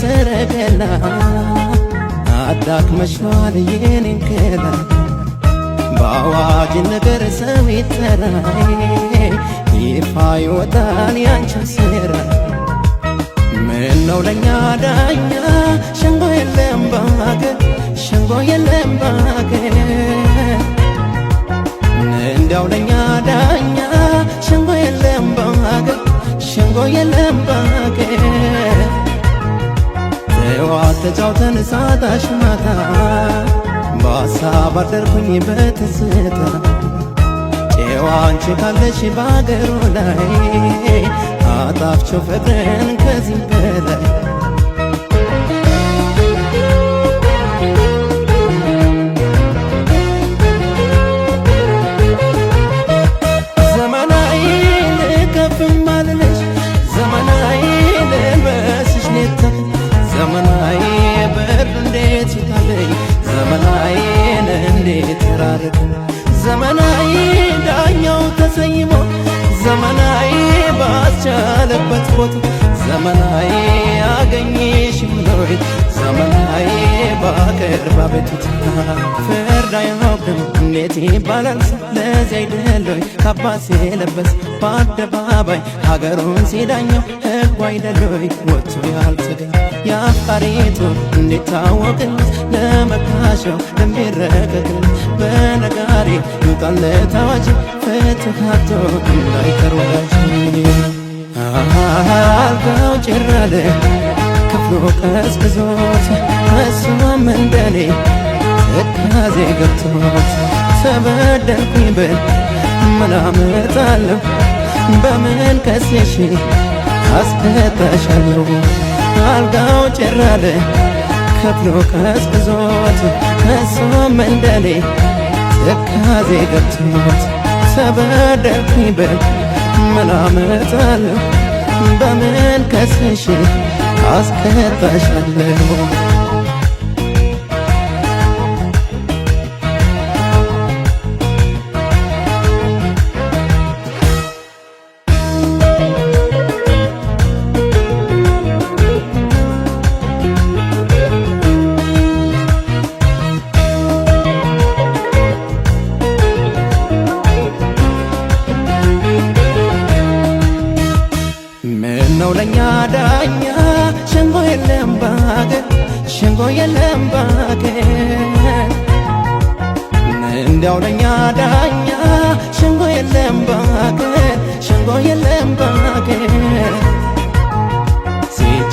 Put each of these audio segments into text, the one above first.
ሰረገላ አዳክመሽዋል የኔን ገላ በአዋጅ ነገር ሰው ይጠራ ይፋ ይወጣል ያንቺ ስራ ምነው ለኛ ዳኛ ሸንጎ የለም ባገር ሸንጎ የለም ባገር እንዳው ለኛ ዳኛ ሸንጎ የለም ባገር ሸንጎ የለም ባገር ተጫውተን ሳታሽ ማታ በሀሳብ አደርኩኝ በትዝታ ጨዋንች ካለሽ ባገሩ ላይ አጣፍቸው ፍቅርን ከዚህ በላይ ሲያደርግ ዘመናዊ ዳኛው ተሰይሞ ዘመናዊ ባስቻለበት ፎቶ ዘመናዊ በፊት ዘመን ላይ ባቀርባ በፊት ፍርድ አይሆንም እንዴት ይባላል? ለዚ አይደለሁ ካባስ የለበስ በአደባባይ ሀገሩን ሲዳኘው ሕጉ አይደለይ ወቶ ያልተገኝ የአፍቃሪቱ እንዴት ታወቅን ለመካሸው የሚረገግን በነጋሪ ይውጣለት አዋጅ ፍትሃቶ እንዳይቀር ወዳጅ አልጋው ጭራለ ቀዝቅዞት እሱም እንደኔ ትካዜ ገብቶት ተበደልኩኝ ብል ምን አመጣለሁ በምን ከሴሽ አስቀጣሻለሁ አልጋው ጭር አለ ከፍሎ ቀዝቅዞት እሱም እንደኔ ትካዜ ገብቶት ተበደልኩኝ ብል ምን አመጣለሁ በምን ከሴሽ አስከታሻለሁ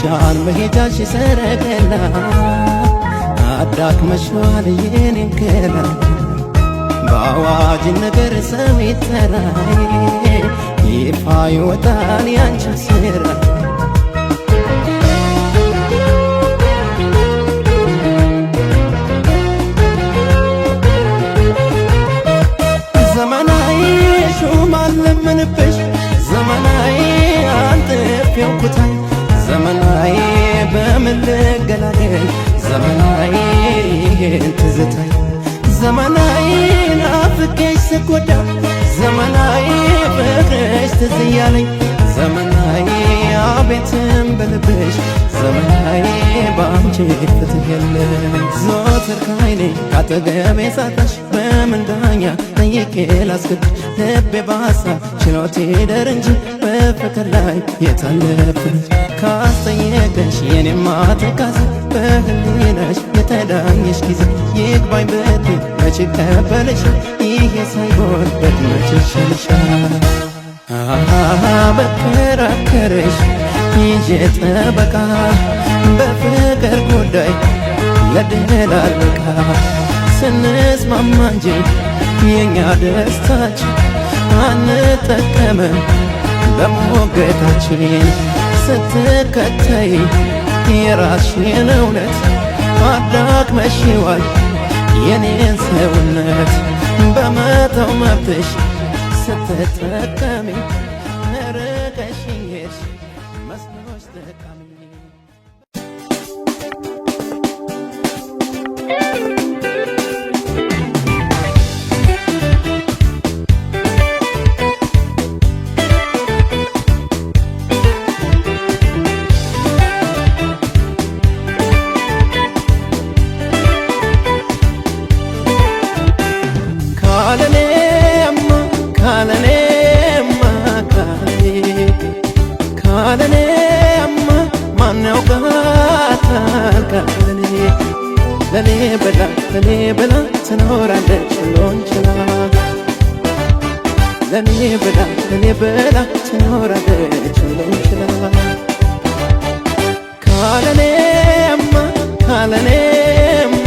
ኪዳን መሄጃሽ ሰረገላ አዳክመሽዋል የኔን ገላ በአዋጅ ነገር ሰሚ ይፋ ይወጣል ያንቺን ስራ ዘመናዊ ሹም አለምንብሽ ዘመናዊ አንጥፍ ያውኩታል ዘመናዊ በምትገላገል ዘመናዊ ትዝታይ ዘመናዊ ናፍቄሽ ስጎዳ ዘመናዊ ፍቅርሽ ትዝ እያለኝ ዘመናዊ አቤት ልብሽ ዘመናዬ በአንቺ ፍትህ የለም ዘወትር ከዓይኔ ካጠገቤ ሳጣሽ በምን ዳኛ ጠይቄ ላስገድሽ ልቤ በሀሳብ ችሎት ይደር እንጂ በፍቅር ላይ የታለፍሽ ካስጠየቀሽ የኔማ ትካዜ በህሊናሽ የተዳኘሽ ጊዜ ይግባኝ ብትይ መች ቀበልሻል ይሄ ሳይሆን በድመች በከራከረሽ የጠበቃ በፍቅር ጉዳይ ለድላለቃ ስንስማማ እንጂ የኛ ደስታችን አንጠቀምም በሞገታችን ስትከተይ የራስሽን እውነት አዳክመሽዋል የኔን ሰውነት በመተው መብትሽ ስትጠቀሚ መስሎች ደካምኝ ለኔ ብላ ለኔ ብላ ትኖራለች ሎንችላ ለኔ ብላ ለኔ ብላ ትኖራለች ሎንችላ ካለኔማ ካለኔማ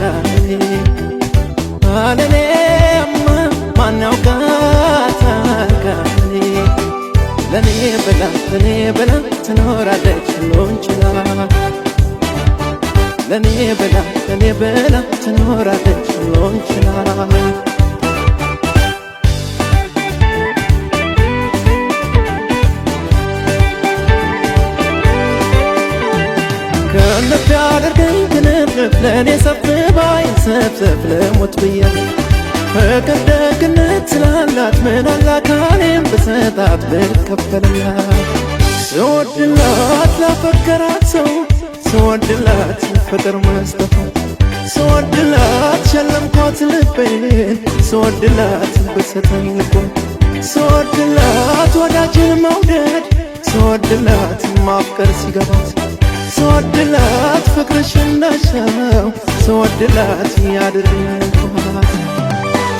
ካለኔ ካለኔማ ማነው ካለኔ ለኔ ብላ ለኔ ብላ ትኖራለች ሎንችላ ለኔ ብላ ለኔ ብላ ትኖራለች ሎንችላ ከልብ ያደርገኝ ትንፍንፍ ለእኔ ሰብስባይ ሰብሰብ ለሞት ብያት ፍቅር ደግነት ስላላት ምን አላካሌም ብሰጣት ብልከፈልላት ስወድላት ላፈቀራት ሰው ስወድላት ፍቅር መስጠቷት ስወድላት ሸለምኳት ልቤን ስወድላት ብሰተኝ ልቧን ስወድላት ወዳጅን መውደድ ስወድላት ማፍቀር ሲገባት ስወድላት ፍቅርሽ እንዳሻው ስወድላት ያድርኝ ልቧት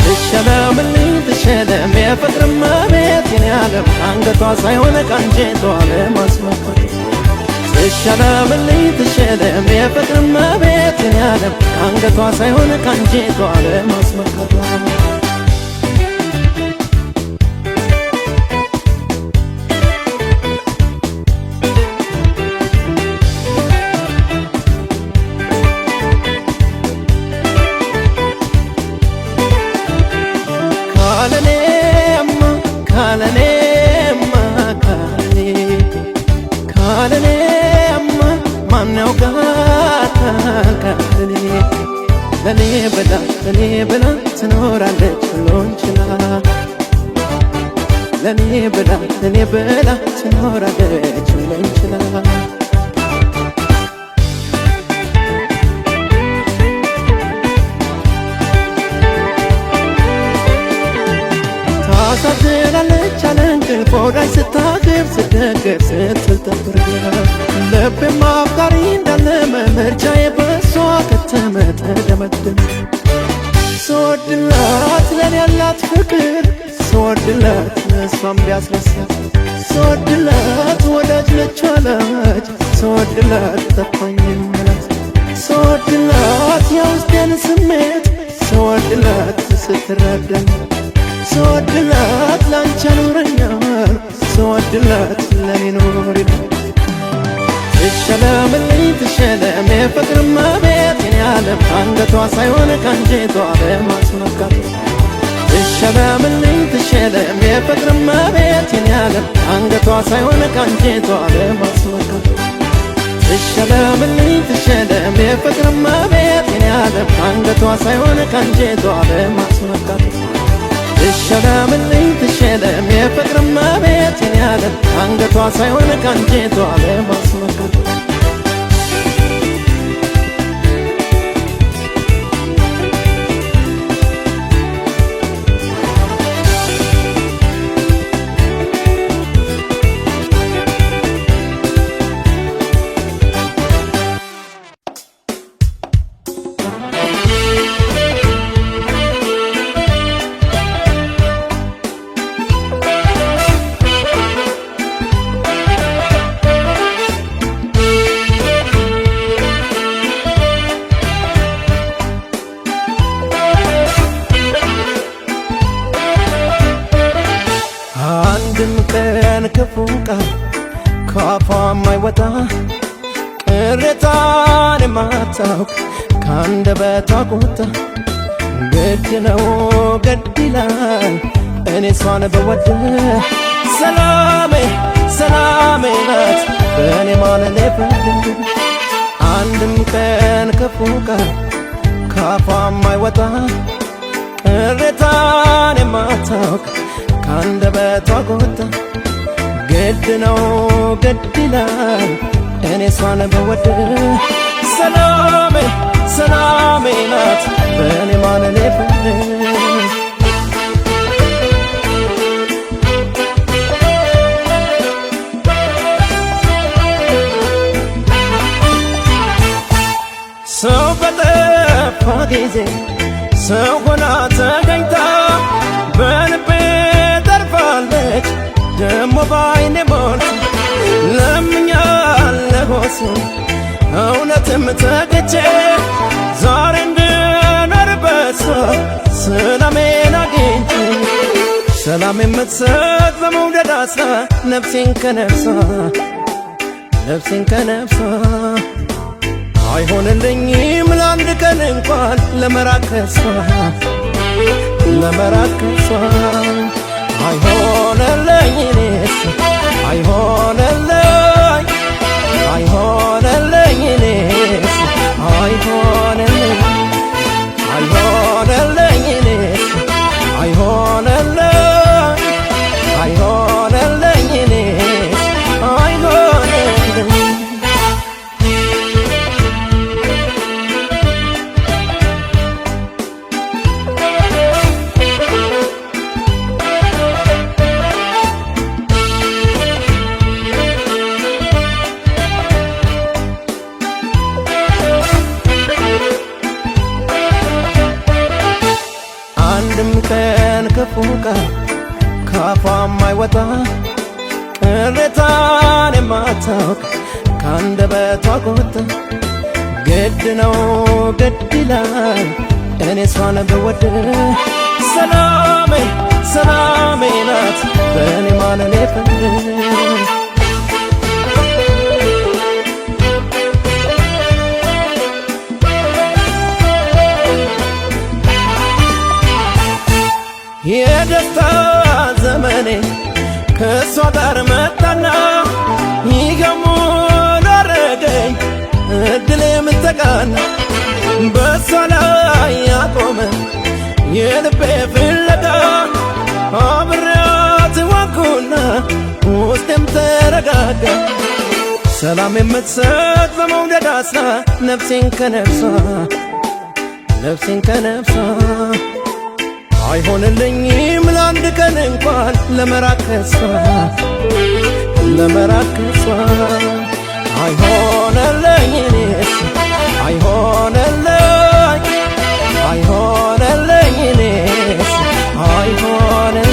ትሸለምልኝ ትሸለም የፍቅር መቤት የኔ ዓለም አንገቷ ሳይሆን ቀንጄቷ ለማስመፈል ትሸለምል ትሸለም የፍቅር መቤት ያለም አንገቷ ሳይሆን ካንጀቷ ለማስመከቷ ሰማያው ለኔ ብላ ለኔ ብላ ትኖራለች ሁሉን ለኔ ብላ ለኔ ብላ ትኖራለች ሁሉን ችላ ታሳዝናለች አለንቅልፎ ላይ ስታ ስስብ ስደገፍ ስትል ተብርያ ልቤም አፍቃሪ እንዳለ መመርጫዬ በሷ ከተመ ተደመደመ ስወድላት ለኔ ያላት ፍቅር ስወድላት እሷም ቢያስረሳት ስወድላት ወዳጅ ነች ወላጅ ስወድላት ተፋኝ ምላት ስወድላት የውስጤን ስሜት ስወድላት ስትረዳኝ ስወድላት ላንቺ ኑረኛ ስወድላት ለኔ ኖሪ ትሸለምልኝ ትሸለም የፍቅርማ ቤት የኔ ዓለም አንገቷ ሳይሆን ቀንጀቷ ለማስመካት ትሸለምልኝ ትሸለም የፍቅርማ ቤት የኔ ዓለም አንገቷ ሳይሆን ቀንጀቷ ለማስመካት ትሸለምልኝ ትሸለም የፍቅርማ ቤት የኔ ዓለም አንገቷ ሳይሆን ቀንጀቷ ለማስመካት ትሸለምልኝ ትሸለም የፍቅርማ ቤት ያለን አንገቷ ሳይሆን ቀንጀቷ ለማስመክር ውለታን የማታውቅ ከአንደበቷ ቁጣ ግድ ነው ግድ ይላል እኔ እሷን ብወድህ ሰላሜ ሰላሜ ናት በእኔ ማለሌ ፈል አንድም ቀን ክፉ ቃል ካፏ የማይወጣ ቅሬታን የማታውቅ ከአንደበቷ ቁጣ ግድ ነው ግድ ይላል እኔ እሷን በወድ ሰላሜ ሰላሜ ናት በእኔ ማለሌ ሰው በጠፋ ጊዜ ሰው ሆና ተገኝታ በልቤ ጠርፋለች ደሞ በራሱ እውነትም ተገቼ ዛሬ እንድኖርበት ሰላሜን አግኝቼ ሰላም የምትሰጥ በመውደድ አስራ ነፍሴን ከነፍሳ ነፍሴን ከነፍሳ አይሆንልኝም ለአንድ ቀን እንኳን ለመራቅ ከሷ ለመራቅ ከሷ ሆነለኝ እኔስ አይሆን ዓለም በወድህ ሰላሜ ሰላሜ ናት በእኔ ማለኔ ፍቅር የደስታ ዘመኔ ከእሷ ጋር እድል ተቃን በሷ ላይ ያቆመ የልቤ ፍለጋ አብሬያት ዋንኩና ውስጤም ተረጋጋ። ሰላም የምትሰጥ በመውደድ አስራ ነፍሴን ከነፍሷ ነፍሴን ከነፍሷ አይሆንልኝም ለአንድ ቀን እንኳን ለመራቅ ከሷ ለመራቅ ከሷ አይሆንልኝ እኔስ አይሆንልኝ አይሆንልኝ እኔስ አይሆንልኝ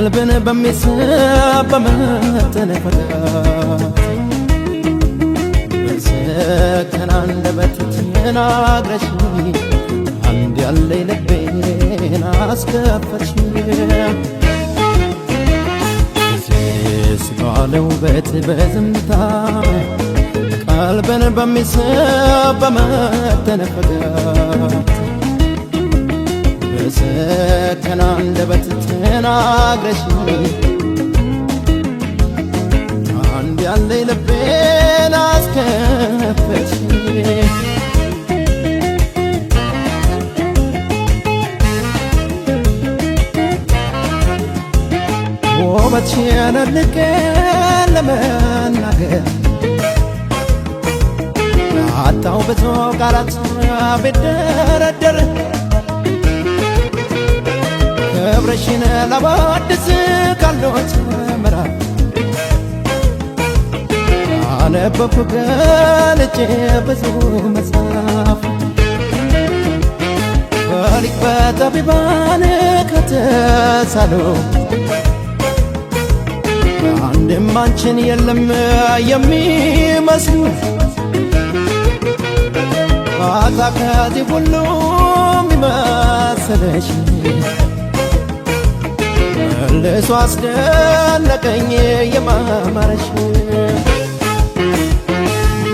ቀልብን በሚስብ በመጠነ ፈቃት በሰከነ አንደበት ተናግረሽ አንድ ያለኝ ልቤን አስከፈትሽ ስለ ውበት በዝምታ ቀልብን በሚስብ በመጠነ ፈቃት በሰከነ አንደበት ተናግረሽ አንድ ያለኝ ልቤን አስከፈትሽ ውበትሽ ያለልቀን ለመናገር አጣው ብዙ ቃላት ቤደ ሀገራችን ለባድስ ካሎት መምራ አነበብኩ ገልጬ ብዙ መጽሐፍ በሊቅ በጠቢባን ከተሳሉ አንድም አንችን የለም የሚመስሉ አታ ከዚህ ሁሉ የሚመስለሽ መልሶ አስደነቀኝ የማማረሽ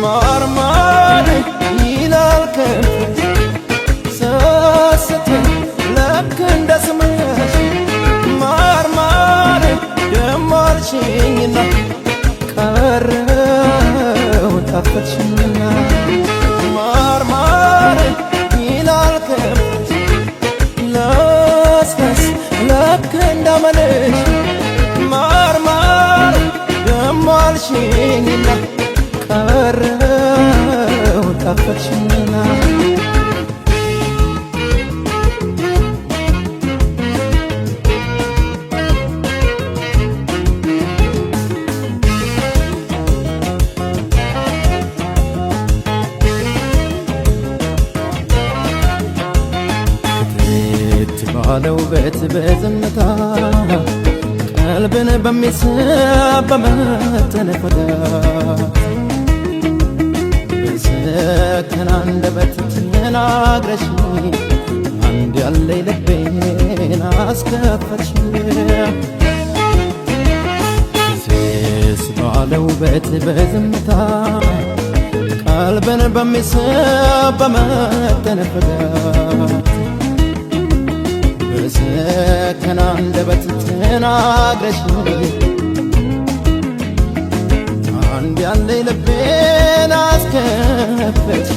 ማርማር ይላል ከንፈርሽ ሰስት ልክ እንደ ስምሽ ማርማር ደማርሽኝና ባለ ውበት በዝምታ ቀልብን በሚስብ በመተነፈታ በሰከነ አንደበት ተናግረሽ አንድ ያለኝ ልቤን አስከፈትሽ ሴስ ባለ ውበት በዝምታ ቀልብን በሚስብ በመተነፈታ በሰከነ አንደበት ተናግረሽ አንድ ያለ ልቤን አስከፈች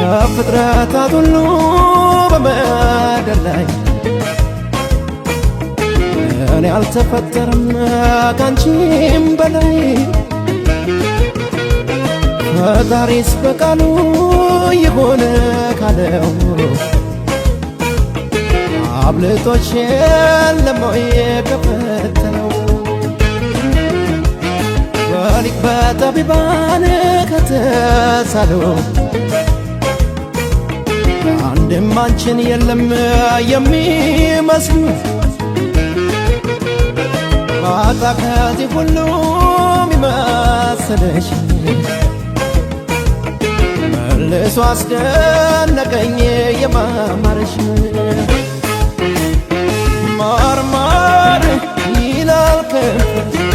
ከፍጥረታት ሁሉ በምድር ላይ እኔ አልተፈጠርም ካንቺም በላይ ፈጣሪስ በቃሉ የሆነ ካለው አብልጦች የለመው ነው በሊቅ በጠቢባን ከተሳለው አንድም አንችን የለም የሚመስሉ ማጣ ከዚህ ሁሉ የሚመስለሽ መልሶ አስደነቀኝ የማማርሽ ማርማር ይላል ከንፈር